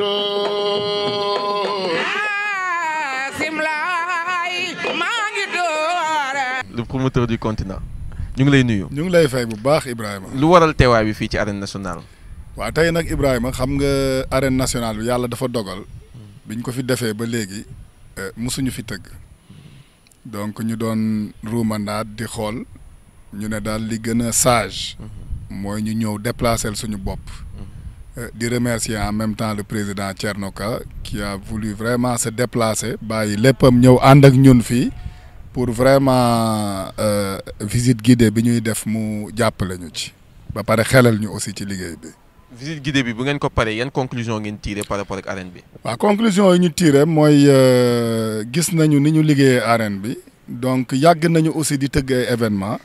Ah, le promoteur du continent ñu ngi lay nuyu. ñu ngi lay fay bu baax Ibrahima. lu waral teewaay bi fii ci arine nationale. waa tey nag Ibrahima xam nga arène nationale bi yàlla dafa dogal. biñ ko fi defee ba léegi. Euh, musuñu fi tëgg. donc ñu doon ruumandaat di xool. ñu ne daal di gën a sage. mooy ñu ñëw déplacer suñu bopp. Mm-hmm. Euh, di remercier en même temps le président Thierno Ka qui a voulu vraiment se déplacer bàyyi léppam ñëw ànd ak ñun fii pour vraiment euh, visite guidée bi ñuy def mu jàppale ñu ci ba pare xelal ñu aussi ci liggéey bi. visite guidée bi bu ngeen ko paree yan conclusion ngeen tiré par rapport ak arène bi. conclusion yi ñu tiire mooy euh, gis nañu ni ñu liggéeyee arène bi donc yàgg nañu aussi di tëgg ay événement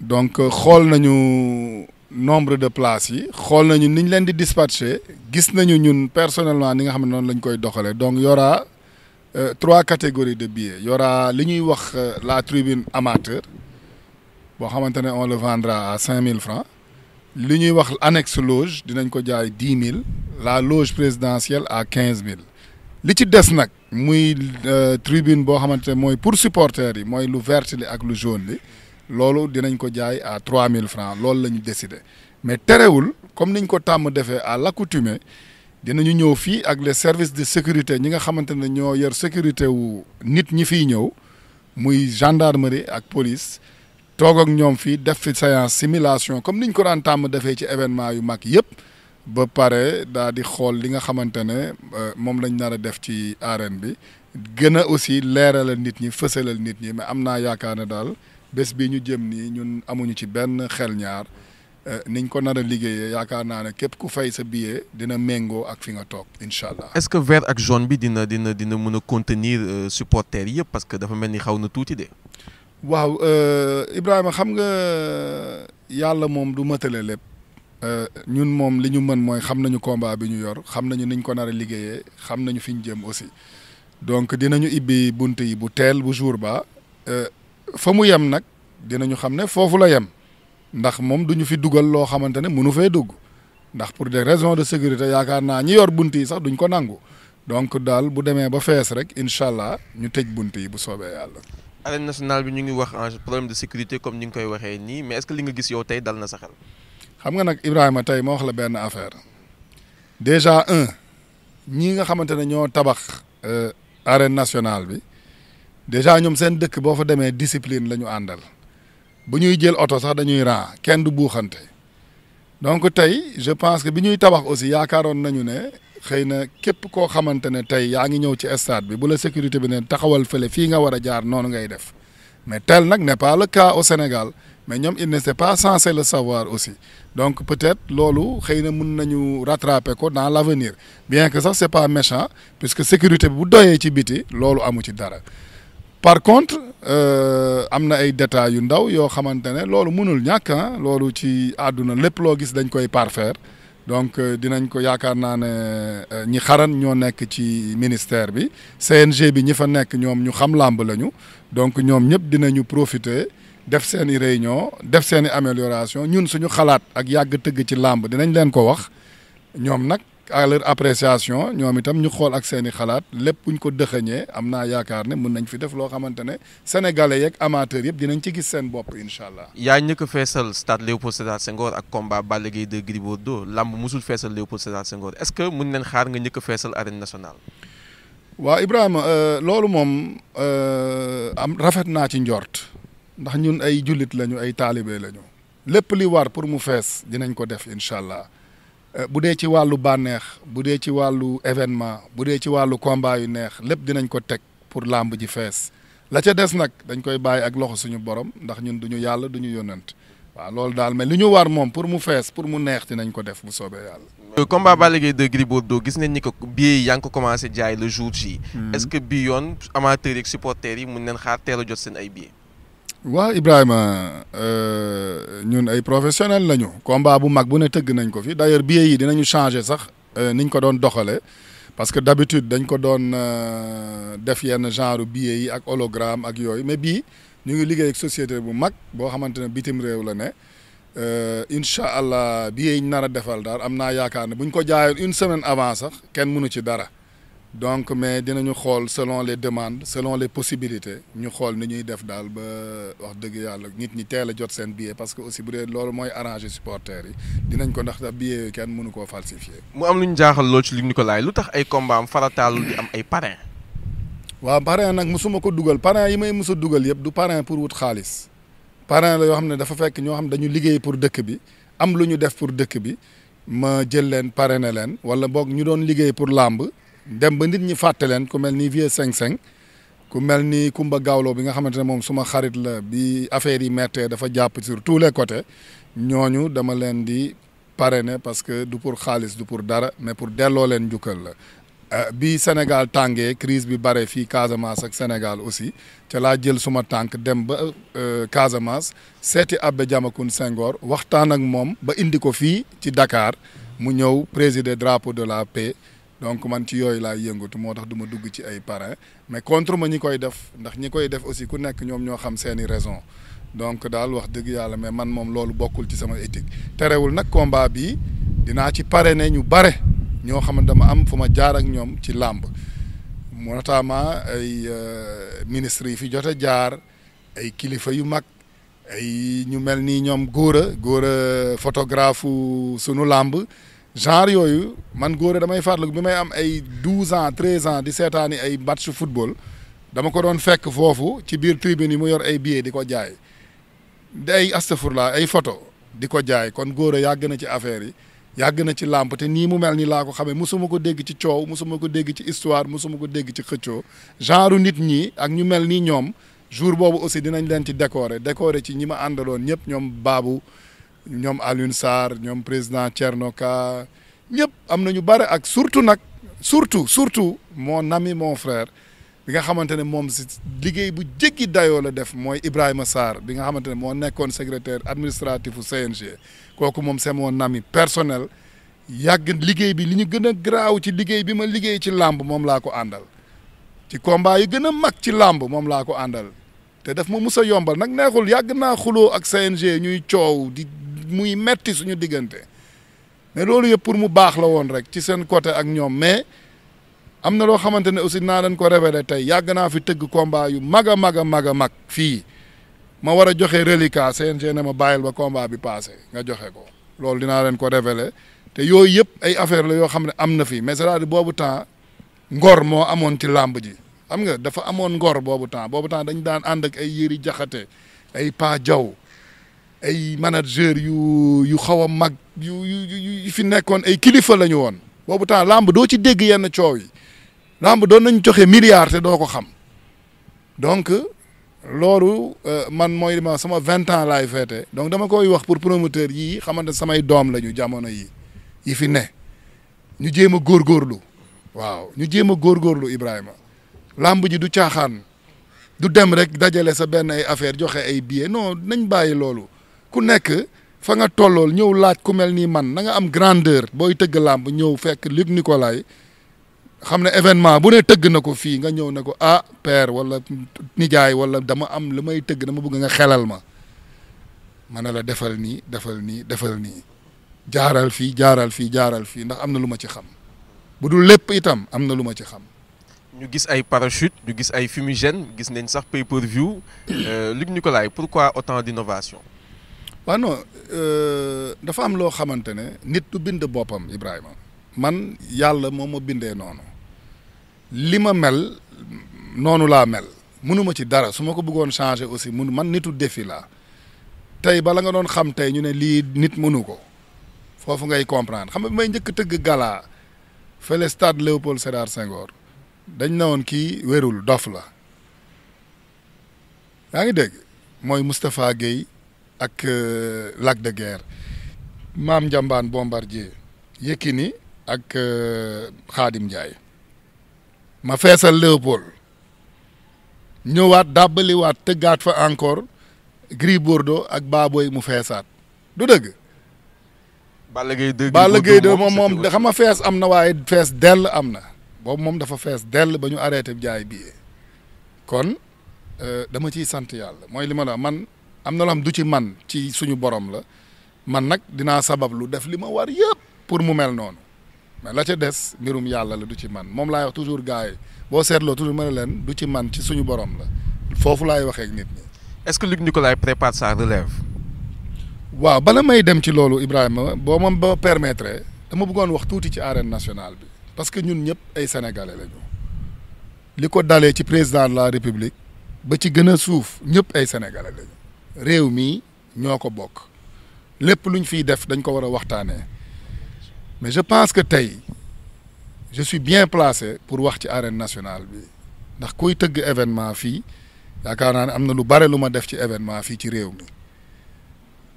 donc xool nañu. nombre de places yi xool nañu ni ñu leen di dispatcher gis nañu ñun personnellement ni nga xam ne noonu lañ koy doxalee donc yora aura euh, trois catégories de billets y aura li ñuy wax euh, la tribune amateur boo xamante ne on le vendra à mille francs li ñuy wax annexe loge dinañ ko jaay dix mille la loge présidentielle à quinze mille li ci des nag muy euh, tribune boo xamante ne mooy pour supporters yi mooy lu vert li ak lu jaune li loolu dinañ ko jaay à trois mille francs loolu la ñu décidé mais terewul comme ni ñu ko tàmm defee à l'accoutumée dinañu ñëw fii ak les service de sécurité ñi nga xamante ne ñoo yor sécurité wu nit ñi fiy ñëw muy gendarmerie ak police toog ak ñoom fii def fi séance simulation comme niñ ko daan tàmm defee ci événement yu mag yëpp ba pare daa di xool li nga xamante ne euh, moom lañ nar a def ci arène bi gën a aussi leeralal nit ñi fësalal nit ñi mais am naa yaakaar ne daal bés bii ñu jëm nii ñun amuñu ci benn xel ñaar eh, niñ ko nar a liggéeyee yaakaar naa ne képp ku fay sa billet dina méngoo ak fi nga toog incha allah. est-ce que vert ak jaune bi dina dina dina mën a contenir euh, supporters yi yëpp parce que dafa mel ni xaw na tuuti de. waaw euh, Ibrahima xam nga yàlla moom du matale lépp. Euh, ñun moom li ñu mën mooy xam nañu combat bi ñu yor xam nañu niñ ko nar a liggéeyee xam nañu fi ñu jëm aussi donc dinañu ibbi bunt yi bu teel bu jour ba fa mu yem nag dinañu xam ne foofu la yem ndax moom duñu fi dugal loo xamante ne mënu fee dugg ndax pour des raisons de sécurité yaakaar naa ñi yor bunt yi sax duñ ko nangu donc daal bu demee ba fees rek incha allah ñu tëj bunt yi bu soobee yàlla. arène nationale bi ñu ngi wax en problème de sécurité comme ni nga koy waxee nii mais est-ce que li nga gis yow tey dal na sa xel. xam nga nag Ibrahima tey ma wax la benn affaire déjà un ñii nga xamante ne ñoo tabax. Euh, arène nationale bi déjà ñoom seen dëkk boo fa demee discipline la ñu àndal bu ñuy jël oto sax dañuy ran kenn du buuxante donc tey je pense que bi ñuy tabax aussi yaakaaroon nañu ne xëy na képp koo xamante ne tey yaa ngi ñëw ci stade bi bu la sécurité bi ne taxawal fële fii nga war a jaar noonu ngay def mais tel nag n'est pas le cas au Sénégal mais ñoom il n'était pas censé le savoir aussi donc peut-être loolu xëy na mun nañu rattraper ko dans l'avenir bien que sax c'est pas méchant puisque sécurité bi bu doyee ci biti loolu amu ci dara par contre euh, am na ay détails yu ndaw yoo xamante ne loolu mënul ñàkk ah, loolu ci àdduna lépp loo gis dañ koy parfaire donc euh, dinañ ko yaakaar naa ne euh, ñi xaran ñoo nekk ci ministère bi CNG bi ñi fa nekk ñoom ñu xam làmb lañu donc ñoom ñëpp dinañu profiter def seeni i def seen i amélioration ñun suñu xalaat ak yàgg tëgg ci làmb dinañ leen ko wax ñoom nag. à appréciation ñoom itam ñu xool ak seen i xalaat lépp bu ñu ko dëxëñee am naa yaakaar ne mun nañ fi def loo xamante ne sénégalais yeeg amateurs yëpp dinañ ci gis seen bopp incha allah. yaa ñëkk feesal stade Léopold Sédar Senghor ak combat Balla Gaye de Gris Bordeaux lamb mosul feesal Léopold Sédar Senghor est-ce que mën nañ xaar nga ñëkk feesal arène nationale. waaw Ibrahima euh, loolu moom euh, am rafet naa ci njort ndax ñun ay jullit lañu ay taalibe lañu lépp li war pour mu fees dinañ ko def incha allah. Euh, bu dee ci wàllu bànneex bu dee ci wàllu événement bu dee ci wàllu combat yu neex lépp dinañ ko teg pour làmb ji fees la ca des nag dañ koy bàyyi ak loxo suñu borom ndax ñun duñu yàlla duñu yónnant waa loolu daal mais li ñu war moom pour mu fees pour mu neex dinañ ko def bu soobee yàlla. Euh, combat Balla Gaye 2 Gris Bordeaux gis nañ ni ko bii yaa ngi ko commencé jaay le jour J. Hmm. est-ce bii yoon amateurs yi ak supporters yi mun nañ xaar teel a jot seen ay billets. waaw Ibrahima euh, ñun ay professionnel lañu combat bu mag bu ne tëgg nañ ko fi d'ailleurs billets yi dinañu changer sax euh, niñ ko doon doxalee parce que d'habitude dañ ko doon euh, def yenn genre billets ak hologramme ak yooyu mais bii ñu ngi liggéey ak société bu mag boo xamante ne bitim réew la ne incha allah billets yi ñu nar a defal daal am naa yaakaar ne buñ ko jaayoon une semaine avant sax kenn mënu ci dara. donc mais dinañu xool selon les demandes selon les possibilités ñu xool ni ñuy def daal ba wax dëgg yàlla nit ñi teel a jot seen billet parce que aussi bu dee loolu mooy arranger supporters yi dinañ ko ndax billet yooyu kenn mënu koo falsifier. mu am lu ñu jaaxal loolu ci li ñu ko laaj lu tax ay combat am farataalu di am ay parrain. waaw parrain nag mosuma ko dugal parrain yi may mos dugal yëpp du parrain pour wut xaalis parrain la yoo xam ne dafa fekk ñoo xam dañu liggéey pour dëkk bi am lu ñu def pour dëkk bi ma jël leen parrainé leen wala boog ñu doon liggéey pour làmb dem ba nit ñi fàtte leen ku mel ni vieux cinq cinq ku mel ni Kumba Gawlo bi nga xamante ne moom suma xarit la bi affaire yi mettee dafa jàpp sur tous les côtés ñooñu dama leen di pare ne parce que du pour xaalis du pour dara mais pour delloo leen njukkal la euh, bi Sénégal tàngee crise bi bare fii Casamance ak Sénégal aussi ca laa jël suma tànk dem ba euh, Casamance seeti Abbé Diamacoune Senghor waxtaan ak moom ba indi ko fii ci dakaar mu ñëw présider drapeau de la paix donc man ci yooyu laay yëngatu moo tax du ma dugg ci ay parent mais contre ma ñi koy def ndax ñi koy def aussi ku nekk ñoom ñoo xam seeni raison donc daal wax dëgg yàlla mais man moom loolu bokkul ci sama éthique terewul nag combat bi dinaa ci parrainer ñu bare ñoo xam ne dama am fu ma jaar ak ñoom ci làmb notamment ay euh, ministres yi fi jot a jaar ay kilifa yu mag ay ñu mel ni ñoom góor a góor a photographe sunu làmb genre yooyu man góore damay farlu bi may am ay douze ans treize ans di seetaani ay match football dama ko doon fekk foofu ci biir tribune yi mu yor ay billets di ko jaay di ay astafurla ay photo di ko jaay kon góore yàgg na ci affaire yi yàgg na ci làmp te nii mu mel ni laa ko xamee musuma ko dégg ci coow musuma ko dégg ci histoire musuma ko dégg ci xëccoo genre nit ñi ak ñu mel ni ñoom jour boobu aussi dinañ leen ci décorer décorer ci ñi ma àndaloon ñëpp ñoom baabu ñoom Alioune Sarr ñoom président Thierno Ka ñëpp am na ñu bare ak surtout nag surtout surtout mon ami mon frère bi nga xamante ne moom si liggéey bu jéggi dayoo la def mooy Ibrahima Sarr bi nga xamante ne moo nekkoon secrétaire administratif u CNG kooku moom c'est mon ami personnel yàgg liggéey bi li ñu gën a graaw ci liggéey bi ma liggéey ci làmb moom laa ko àndal ci combat yi gën a mag ci làmb moom laa ko àndal te def ma mus yombal nag neexul yàgg naa xuloo ak CNG ñuy coow di muy metti suñu diggante mais loolu yëpp pour mu baax la woon rek ci seen côté ak ñoom mais am na loo xamante ne aussi naa leen ko révélé tey yàgg naa fi tëgg combat yu mag a mag a mag a mag fii ma war a joxe reliquat CNG ne ma bàyyil ba combat bi passé nga joxe ko loolu dinaa leen ko révélé te yooyu yëpp ay affaire la yoo xam ne am na fii mais cest boobu temps ngor moo amoon ci làmb ji am nga dafa amoon ngor boobu temps boobu temps dañ daan ànd ay yëri jaxate ay paa jaw ay manager yu yu xaw a mag yu yu yu fi nekkoon ay kilifa la ñu woon boobu taa làmb doo ci dégg yenn coow yi làmb doon nañ joxe milliards te doo ko xam donc loolu euh, man mooy ma sama vingt ans lay feete donc dama koy wax pour promoteur yii xamante samay doom la ñu jamono yi yi fi ne ñu jéem a góorgóorlu waaw ñu jéem a góorgóorlu Ibrahima làmb ji du caaxaan du dem rek dajale sa benn ay affaire joxe ay billets no nañ bàyyi loolu ku nekk fa nga tollool ñëw laaj ku mel nii man na nga am grandeur booy tëgg làmb ñëw fekk Luc Nicolaï xam ne événement bu ne tëgg na ko fii nga ñëw ne ko ah père wala nijaay wala dama am lu may tëgg dama bëgg nga xelal ma ma ne la defal nii defal nii defal nii jaaral fii jaaral fii jaaral fii ndax am na lu ma ci xam bu dul lépp itam am na lu ma ci xam. ñu gis ay parachute ñu gis ay fumigène gis nañ sax pay per view euh, Luc Nicolaï pourquoi autant d'innovation waaw non euh, dafa am loo xamante ne nit du bind boppam Ibrahima man yàlla moom ma bindee noonu li ma mel noonu laa mel munuma ci dara su ma ko bëggoon changer aussi mun man nitu défi laa tey bala nga doon xam tey ñu ne lii nit mënu ko foofu ngay comprendre xam nga may njëkk tëgg gala fële stade Léopold Sédar Senghor dañ na woon kii wérul dof la yaa ngi dégg mooy Moustapha Guèye ak euh, Lac de Guerre maam Njambaan Bombardier ni ak euh, Xaadim Njaay ma feesal Léopold ñëwaat dàbbaliwaat tëggaat fa encore Gris Bordeaux ak Baboy mu feesaat du dëgg. Balla Gaye 2 Balla Gaye 2 moom moom xam nga fees am na waaye fees dell am na boobu moom dafa fees dell ba ñu arrêté jaay bii kon euh, dama ciy sant yàlla mooy li ma man. am na loo xam du ci man ci suñu borom la man nag dinaa sabab lu def li ma war yëpp pour mu mel noonu mais la ca des ngirum yàlla la du ci man moom laay wax toujours gars yi boo seetloo toujours ma ne leen du ci man ci suñu borom la foofu laay waxee ak nit ñi. est-ce que Luc Nicolaï prépare sa relève. waaw bala may dem ci loolu Ibrahima boo ma ba permettre dama buggoon wax tuuti ci arène nationale bi parce que ñun ñëpp ay sénégalais lañu li ko dalee ci président la république ba ci gën a suuf ñëpp ay sénégalais réew mi ñoo ko bokk lépp lu ñu fiy def dañ ko war a waxtaanee mais je pense que tey je suis bien placé pour wax ci arène nationale bi ndax kuy tëgg événement fii yaakaar naa ne am na lu bare lu ma def ci événement fii ci réew mi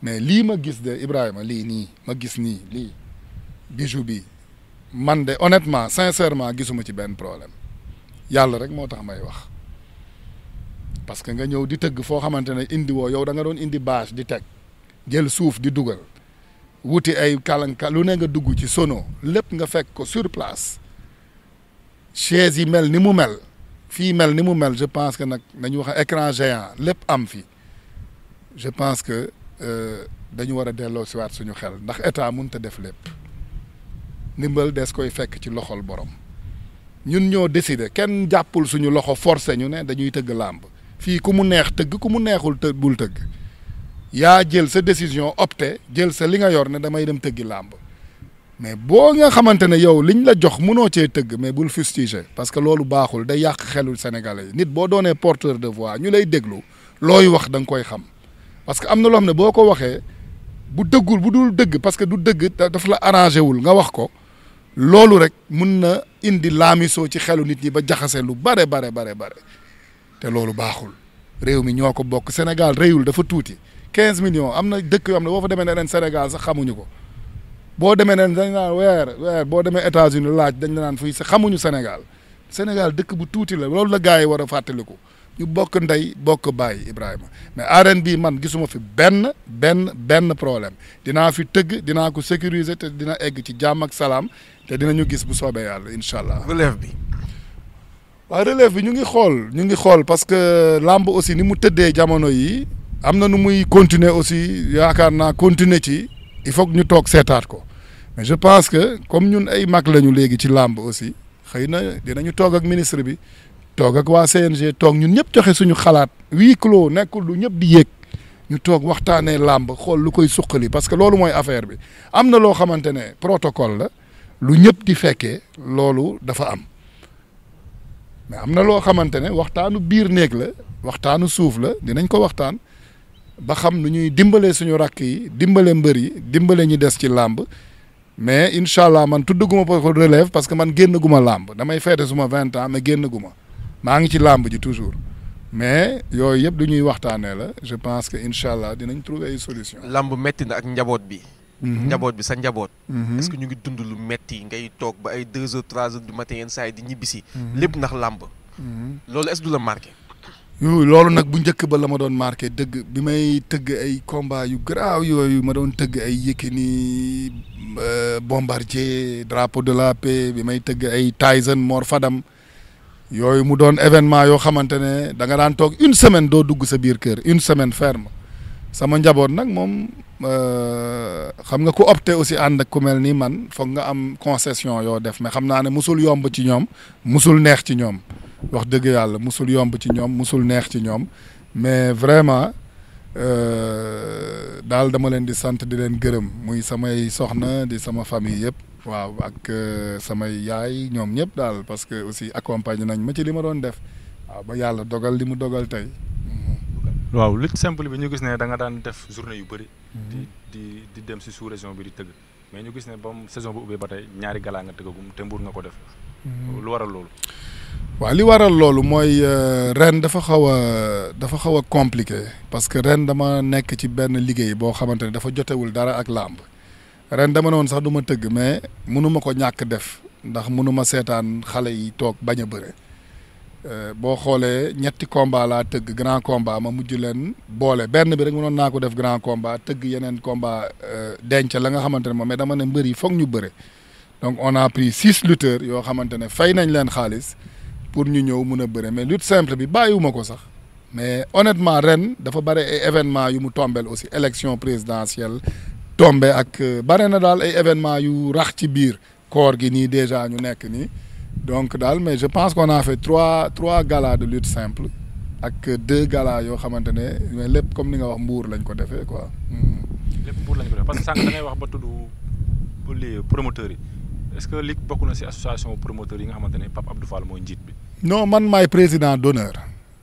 mais lii ma gis de Ibrahima lii nii ma gis nii lii bijou bi man de honnêtement sincèrement gisuma ci benn problème yàlla rek moo tax may wax. parce que nga ñëw di tëgg foo xamante ne indi woo yow danga doon indi bâche di teg jël suuf di dugal wuti ay kalanka lu ne nga dugg ci sono lépp nga fekk ko sur place chaise yi mel ni mu mel fii mel ni mu mel je pense que nag nañu wax écran géant lépp am fi je pense que euh, dañu war a delloo siwaat suñu xel ndax état mënut a def lépp ndimbal des koy fekk ci loxol borom ñun ñoo décider kenn jàppul suñu loxo forcé ñu ne dañuy tëgg làmb fii ku mu neex tëgg ku mu neexul të bul tëgg yaa jël sa décision opté jël sa li nga yor ne damay dem tëggi làmb mais boo nga xamante ne yow liñ la jox mënoo cee tëgg mais bul fustiger parce que loolu baaxul day yàq xelul sénégalais nit boo doonee porteur de voix ñu lay déglu looy wax da koy xam parce que am na loo xam ne boo ko waxee bu dëggul bu dul dëgg parce que du dëgg daf la arrangé wul nga wax ko loolu rek mun na indi laamisoo ci xelu nit ñi ba jaxase lu bare bare bare bare te loolu baaxul réew mi ñoo ko bokk Sénégal réyul dafa tuuti quinze millions am na dëkk yoo xam ne boo fa demee ne leen Sénégal sax xamuñu ko boo demee ne dañ boo demee États-Unis laaj dañ naan fii sax xamuñu Sénégal Sénégal dëkk bu tuuti la loolu la gars yi war a fàttaliku ñu bokk ndey bokk bàyyi Ibrahima mais arène bii man gisuma fi benn benn benn problème dinaa fi tëgg dinaa ko sécuriser te dina egg ci jàmm ak salaam te dinañu gis bu soobee yàlla incha allah relève bi waaw relève bi ñu ngi xool ñu ngi xool parce que làmb aussi ni mu tëddee jamono yi am na nu muy continuer aussi yaakaar naa continuer ci il faut ñu toog seetaat ko mais je pense que comme ñun ay mag lañu léegi ci làmb aussi xëy na dinañu toog ak ministre bi toog ak waa CNG toog ñun ñëpp joxe suñu xalaat huis clos nekkul lu ñëpp di yéeg ñu toog waxtaanee làmb xool lu koy suqali parce que loolu mooy affaire bi am na loo xamante ne protocole la lu ñëpp di fekkee loolu dafa am. mais am na loo xamante ne waxtaanu biir néeg la waxtaanu suuf la dinañ ko waxtaan ba xam nu ñuy dimbalee suñu rakk yi dimbalee mbër yi dimbale ñu des ci làmb mais incha allah man tuddaguma ko relève parce que man génn guma làmb damay feete suma vingt ans mais génn guma maa ngi ci làmb ji toujours mais yooyu yëpp du ñuy waxtaanee la je pense que incha allah dinañ trouver une solution. làmb métti ak njaboot bi. Mm-hmm. njaboot bi sa njaboot. Mm-hmm. est que ñu ngi dund lu metti ngay toog ba ay deux heures trois heures du matin yenn saa yi di ñibbisi. Mm-hmm. lépp ndax làmb. loolu est-ce du la marqué. loolu nag bu njëkk ba la ma doon marqué dëgg bi may tëgg ay combat yu garaaw yooyu ma doon tëgg ay Yékini euh, bombardier drapeau de la paix bi may tëgg ay Tyson moor Fadam yooyu mu doon événement yoo xamante ne da nga daan toog une semaine doo dugg sa biir kër une semaine ferme. sama njaboot nag moom euh, xam nga ku opte aussi ànd ak ku mel ni man foog nga am concession yoo def mais xam naa ne musul yomb ci ñoom musul neex ci ñoom wax dëgg yàlla musul yomb ci ñoom musul neex ci ñoom mais vraiment euh, daal dama leen di sant di leen gërëm muy samay soxna di sama famille yëpp waaw ak euh, samay yaay ñoom ñëpp daal parce que aussi accompagné nañ ma ci li ma doon def waaw ba yàlla dogal li mu dogal tey waaw lutte simple bi ñu gis ne da nga daan def journée yu bëri. Mhm. di di dem si sous région bi di tëgg mais ñu gis ne ba mu saison bu ubbee ba tey ñaari galaa nga tëggagum te mbuur nga ko def. Mhm. lu waral loolu. waaw li waral loolu mooy euh, ren dafa xaw a dafa xaw a compliqué parce que ren dama nekk ci benn liggéey boo xamante ne dafa jotewul dara ak làmb ren dama ne sax du ma tëgg mais mënu ko ñàkk def ndax munuma seetaan xale yi toog bañ a bëre. Euh, boo xoolee ñetti combat laa tëgg grand combat ma mujj leen boole benn bi rek mënoon naa ko def grand combat tëgg yeneen combat euh, dence la nga xamante ne moom mais dama ne mbër yi foog ñu bëre donc on a pris six lutteurs yoo xamante ne fay nañ leen xaalis pour ñu ñëw mun a bëre mais lutte simple bi bàyyiwuma ko sax mais honnêtement ren dafa bare ay événements yu mu tombeel aussi élection présidentielle tombe ak euh, bare na daal ay événements yu rax ci biir koor gi nii déjà ñu nekk nii donc daal mais je pense ko a fait trois trois galas de lutte simple ak deux galas yoo xamante ne mais lépp comme ni nga wax mbuur lañ ko defee quoi. Hmm. lépp mbuur lañ ko defee parce que sànq da ngay wax ba tudd les promoteurs yi est-ce que li bokk na ci association promoteur yi nga xamante ne Pape Abdou Fall mooy njiit bi. non man maay président d'honneur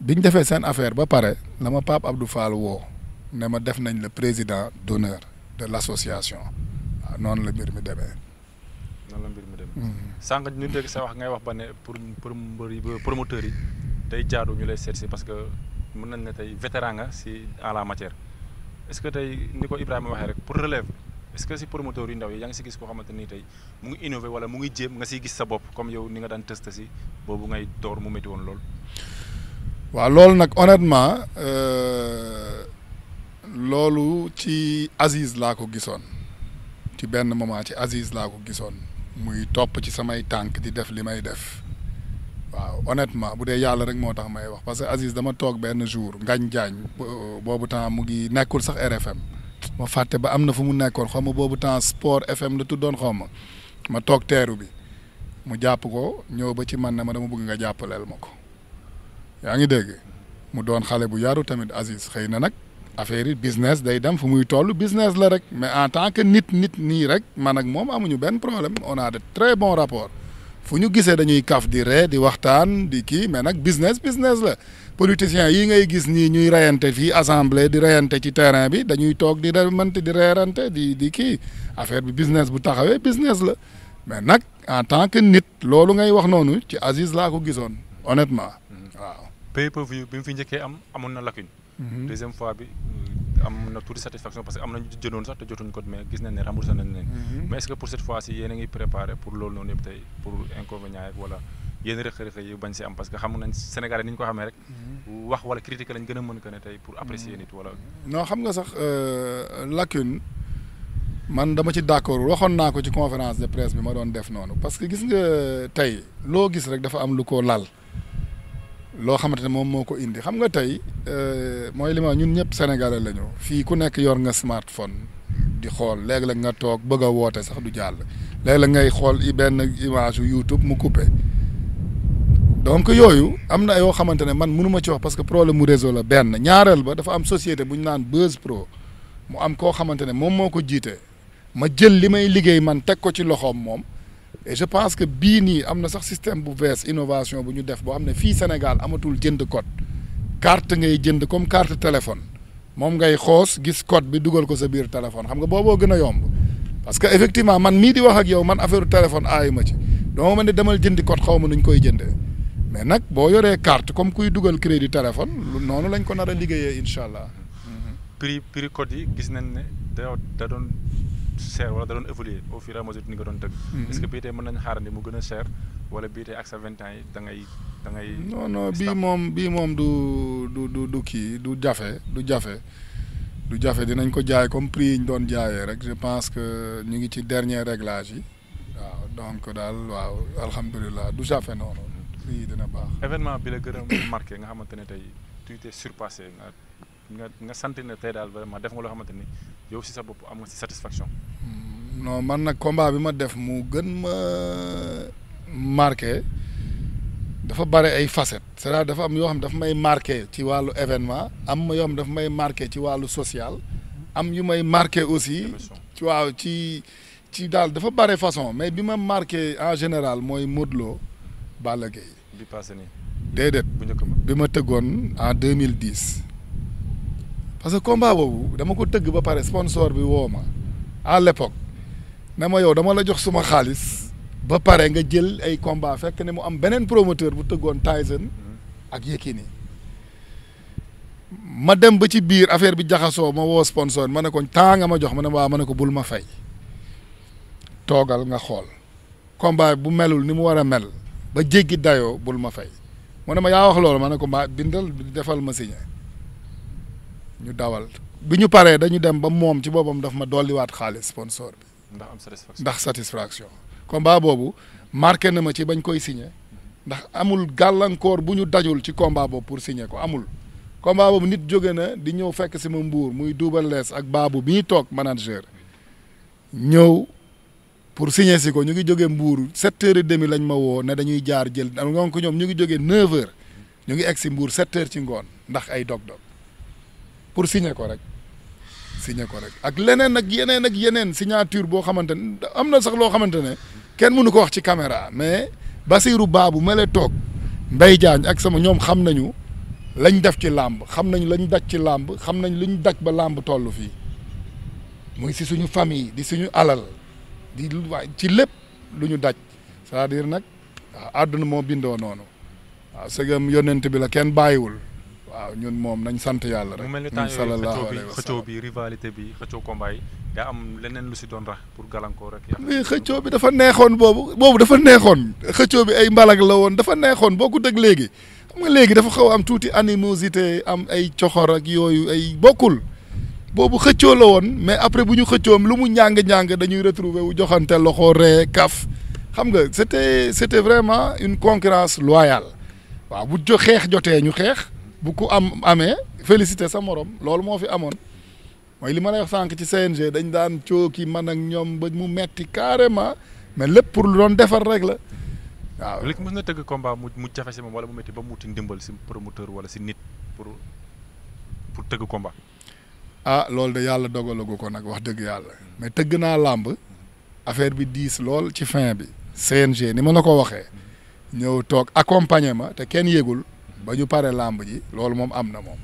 bi ñu defee seen affaire ba pare la ma Pape Abdou Fall woo ne ma def nañ le président d'honneur de l'association waaw noonu la mbir mi demee. noonu la mbir mi dem mhm. sànq ñu dégg sa wax ngay wax ba ne pour pour promoteurs yi tey jaadu ñu lay seet si parce que mën nañ ne tey vétéran nga si en la matière est-ce que tey ni ko Ibrahima waxee rek pour relève est-ce que si promoteurs yu ndaw yi yaa ngi si gis koo xamante ni tey mu ngi innové wala mu ngi jéem nga siy gis sa bopp comme yow ni nga daan test si boobu ngay toor mu métti woon lool. waaw loolu nag honnêtement euh, loolu ci Aziz laa ko gisoon ci benn moment ci Aziz laa ko gisoon. muy topp ci samay tànk di def li may def waaw honnêtement bu dee yàlla rek moo tax may wax parce que Aziz dama toog benn jour ngañ jaañ boobu temps mu ngi nekkul sax RFM ma fàtte ba am na fu mu nekkoon xaw ma boobu temps Sport FM la tuddoon xaw ma ma toog teeru bi mu jàpp ko ñëw ba ci man ne ma dama bëgg nga jàppaleel ma ko yaa ngi dégg mu doon xale bu yaru tamit Aziz xëy na nag affaire yi business day dem fu muy toll business la rek mais en tant que nit nit nii rek man moom amuñu benn problème on a de très bons rapports fu ñu gisee dañuy kaf di ree di waxtaan di kii mais nag business business la politiciens yi ngay gis nii ñuy reyante fii assemblée di reyante ci terrain bi dañuy toog di remante di reerante di di kii affaire bi business bu taxawee business la mais nag en tant que nit loolu ngay wax noonu ci Aziz laa ko gisoon honnêtement mm-hmm. waaw. pay per bi mu fi njëkkee am amoon na lacune Mhm. deuxième fois bi euh, am na tuuti satisfaction parce que am nañu jëndoon sax te jotuñu ko mais gis nañ ne remboursé nañ leen. Mhm. mais est ce que pour cette fois ci yéen a ngi préparé pour loolu noonu yëpp tey pour inconvénient yeeg wala yéen rëq-rëq bañ si am parce que xam nañ Sénégalais ni ñu ko xamee rek. Mhm. wax wala critique lañ gën a mën que ne tey pour apprécier nit wala. non xam nga sax euh, lacune man dama ci d' accord waxoon naa ko ci conférence de presse ma doon def noonu parce que gis nga tey loo gis rek dafa am lu ko lal. loo xamante ne moom moo ko indi xam nga tey euh, mooy li ñun ñëpp sénégalais lañu fii ku nekk yor nga smartphone di xool léeg la nga toog bëgg woote sax du jàll léeg-léeg ngay xool i benn image yu YouTube mu coupé donc yooyu am na yoo xamante ne man mënu ma ci wax parce que problème mu réseau la benn ñaareel ba dafa am société bu ñu naan Buzz Pro mu am koo xamante ne moom moo ko jiite ma jël li may liggéey man teg ko ci loxoom moom. et je pense que bii nii am na sax système bu bees innovation bu ñu def boo xam ne fii Sénégal amatul jënd code carte ngay jënd comme carte téléphone moom ngay xoos gis code bi dugal ko sa biir téléphone xam nga booboo gën a yomb parce que effectivement man mii di wax ak yow man affaire téléphone aayu ma ci dama ma ne demal jëndi code xaw ma nuñ koy jëndee mais nag boo yoree carte comme kuy dugal crédit téléphone noonu lañ ko nar a liggéeyee incha allah. prix code yi gis nañ ne da doon. cher wala da doon évoluer au fur et à mesure ni nga doon tëgg. Mm-hmm. est que bii tey mën nañu xaarandi mu gën a cher wala bii tey ak sa vingt ans yi da ngay da ngay. non non bii moom bii moom du du du du kii du jafe du jafe du jafe dinañ ko jaay comme prix yi ñu doon jaayee rek je pense que ñu ngi ci dernier réglage yi waaw donc daal waaw alhamdulilah du jafe noonu prix dina baax. événement bi la gën a marqué nga xamante ne tey tu t'es surpassé nga nga nga sant ne tey daal vraiment def nga loo xamante ni yow si sa bopp am nga si non man nag combat bi ma def mu gën ma marqué dafa bare ay facettes cest à dafa am yoo xam dafa may marqué ci wàllu événement am ma yoo xam dafa may marqué ci wàllu social am yu may marqué aussi ci waaw ci ci daal dafa bare façon mais bi ma marqué en général mooy Modou Lo Balla Gaye bi passé nii déedéet bi ma tëggoon en 2010 parce que combat boobu dama ko tëgg ba pare sponsor bi woo ma à l'époque ne ma yow dama la jox suma xaalis ba pare nga jël ay combat fekk ne mu am beneen promoteur bu tëggoon Tyson ak Yékini ma dem ba ci biir affaire bi jaxasoo ma woo sponsor ma ne ko temps nga ma jox ma ne waa ma ne ko bul ma fay toogal nga xool combat bu melul ni mu war a mel ba jéggi dayoo bul ma fay mu ne ma yaa wax loolu ma ne ko ma bindal defal ma signé ñu dawal bi ñu paree dañu dem ba moom ci boppam daf ma dolliwaat xaalis sponsor bi ndax am satisfaction ndax satisfaction. combat boobu marqué na ma ci bañ koy signé ndax amul gàllankoor bu ñu dajul ci combat boobu pour signé ko amul. combat boobu nit jóge na di ñëw fekk si ma mbuur muy duubal lees ak baabu bi ñuy toog manager ñëw pour signer si ko ñu ngi jóge mbuur sept heures demi lañ ma woo ne dañuy jaar jël donc ñoom ñu ngi jóge neuf heures ñu ngi egg si mbuur sept heures ci ngoon ndax ay dog-dog pour signer ko rek. signé ko rek ak leneen ak yeneen ak yeneen signature boo xamante ne am na sax loo xamante ne kenn mënu ko wax ci caméra mais Basirou Babou ma la toog Mbaye Diagne ak sama ñoom xam nañu lañ def ci làmb xam nañ lañ daj ci làmb xam nañ liñ daj ba làmb toll fii muy si suñu famille di suñu alal di ci lépp lu ñu daj cest diir nag waaw àdduna moo bindoo noonu waaw sëgam yonent bi la kenn bàyyiwul waaw ñun moom nañ sant yàlla rek. mu mel ni temps yooyu xëccoo bi rivalité bi xëccoo combat am leneen lu si doon pour gàllankoor rek. xëccoo bi dafa neexoon boobu boobu dafa neexoon xëccoo bi ay mbalag la woon dafa neexoon bokkut ak léegi xam nga léegi dafa xaw am tuuti animosité am ay coxor ak yooyu ay bokkul boobu xëccoo la woon mais après bu ñu xëccoom lu mu ñàng-ñàng dañuy retrouver wu joxante loxo ree kaf xam nga c'était c'était vraiment une concurrence loyale waaw bu jo xeex jotee ñu xeex. bu ku am amee félicité sa morom loolu moo fi amoon mooy li ma lay wax sànq ci CNG dañ daan cooki man ak ñoom ba mu metti carrément mais lépp pour lu doon defar rek la waaw. léegi mën na tëgg combat mu mu jafe si moom wala mu metti ba mu wuti ndimbal si promoteur wala si nit pour pour tëgg combat. ah loolu de yàlla dogalagu ko nag wax dëgg yàlla mais tëgg naa làmb affaire bi diis lool ci fin bi. CNG ni ma la ko waxee mm-hmm. ñëw toog accompagner ma te kenn yégul ba ñu pare làmb ji loolu moom am na moom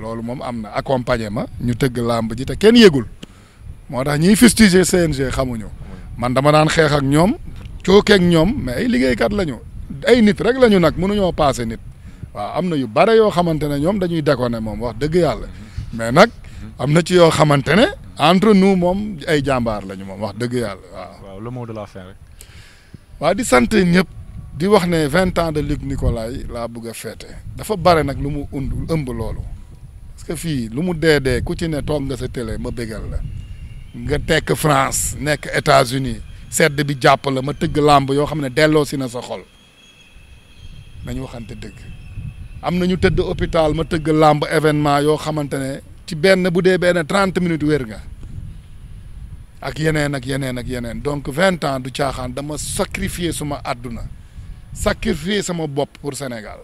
loolu moom am na accompagné ñu tëgg làmb ji te kenn yëgul moo tax ñiy fustiger CNG xamuñu man dama daan xeex ak ñoom cookeeg ñoom mais ay liggéeykat lañu ay nit rek lañu nag mënuñoo paase nit waaw am na yu bare yoo xamante ne ñoom dañuy déconné moom wax dëgg yàlla mais nag am na ci yoo xamante ne entre nu moom ay jàmbaar lañu moom wax dëgg yàlla waaw. waaw de la fin rek. waa di sant ñëpp. di wax ne vingt ans de Luc Nicolaï laa bëgg a feete dafa bare nag lu mu und ëmb loolu parce que fii lu mu dee dee ku ci ne toog nga sa télé ma bégal la nga tekk France nekk États-Unis sedd bi jàpp la ma tëgg làmb yoo xam ne delloo si na sa xol nañ waxante dëgg am na ñu tëdd hôpital ma tëgg làmb événement yoo xamante ne ci benn bu dee benn trente minutes wér nga ak yeneen ak yeneen ak yeneen donc vingt ans du caaxaan dama sacrifier suma àdduna sacrifier sama bopp pour Sénégal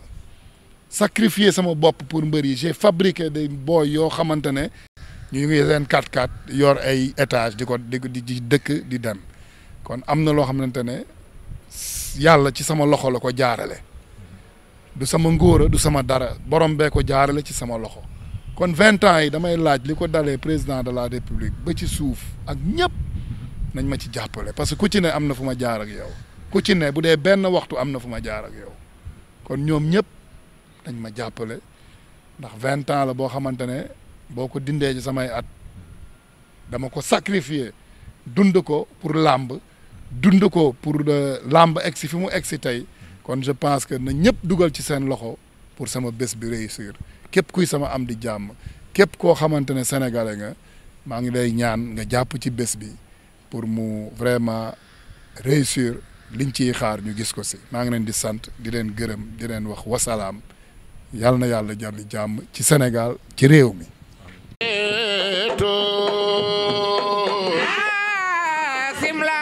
sacrifier sama bopp pour mbër yi j'ai fabriqué des yoo xamante ne ñu ngi leen 4 x yor ay étage di ko di di dëkk di dem kon am na loo xamante ne yàlla ci sama loxo la ko jaarale du sama ngóora du sama dara borom bee ko jaarale ci sama loxo kon vingt ans yi damay laaj li ko dalee président de la république ba ci suuf ak ñëpp nañ ma ci jàppale parce que ku ci ne am na fu ma jaar ak yow ku ci ne bu dee benn waxtu am na fu ma jaar ak yow kon ñoom ñëpp dañ ma jàppale ndax vingt ans la boo xamante ne boo ko dindee ci samay at dama ko sacrifier dund ko pour làmb dund ko pour làmb egsi fi mu egsi tey kon je pense que na ñëpp dugal ci seen loxo pour sama bés bi réussir képp kuy sama am di jàmm képp koo xamante ne sénégalais nga maa ngi lay ñaan nga jàpp ci bés bi pour mu vraiment réussir liñ ciy xaar ñu gis ko si maa ngi leen di sant di leen gërëm di leen wax wasalaam yàlla na yàlla jàlli jàmm ci Sénégal ci réew mi simla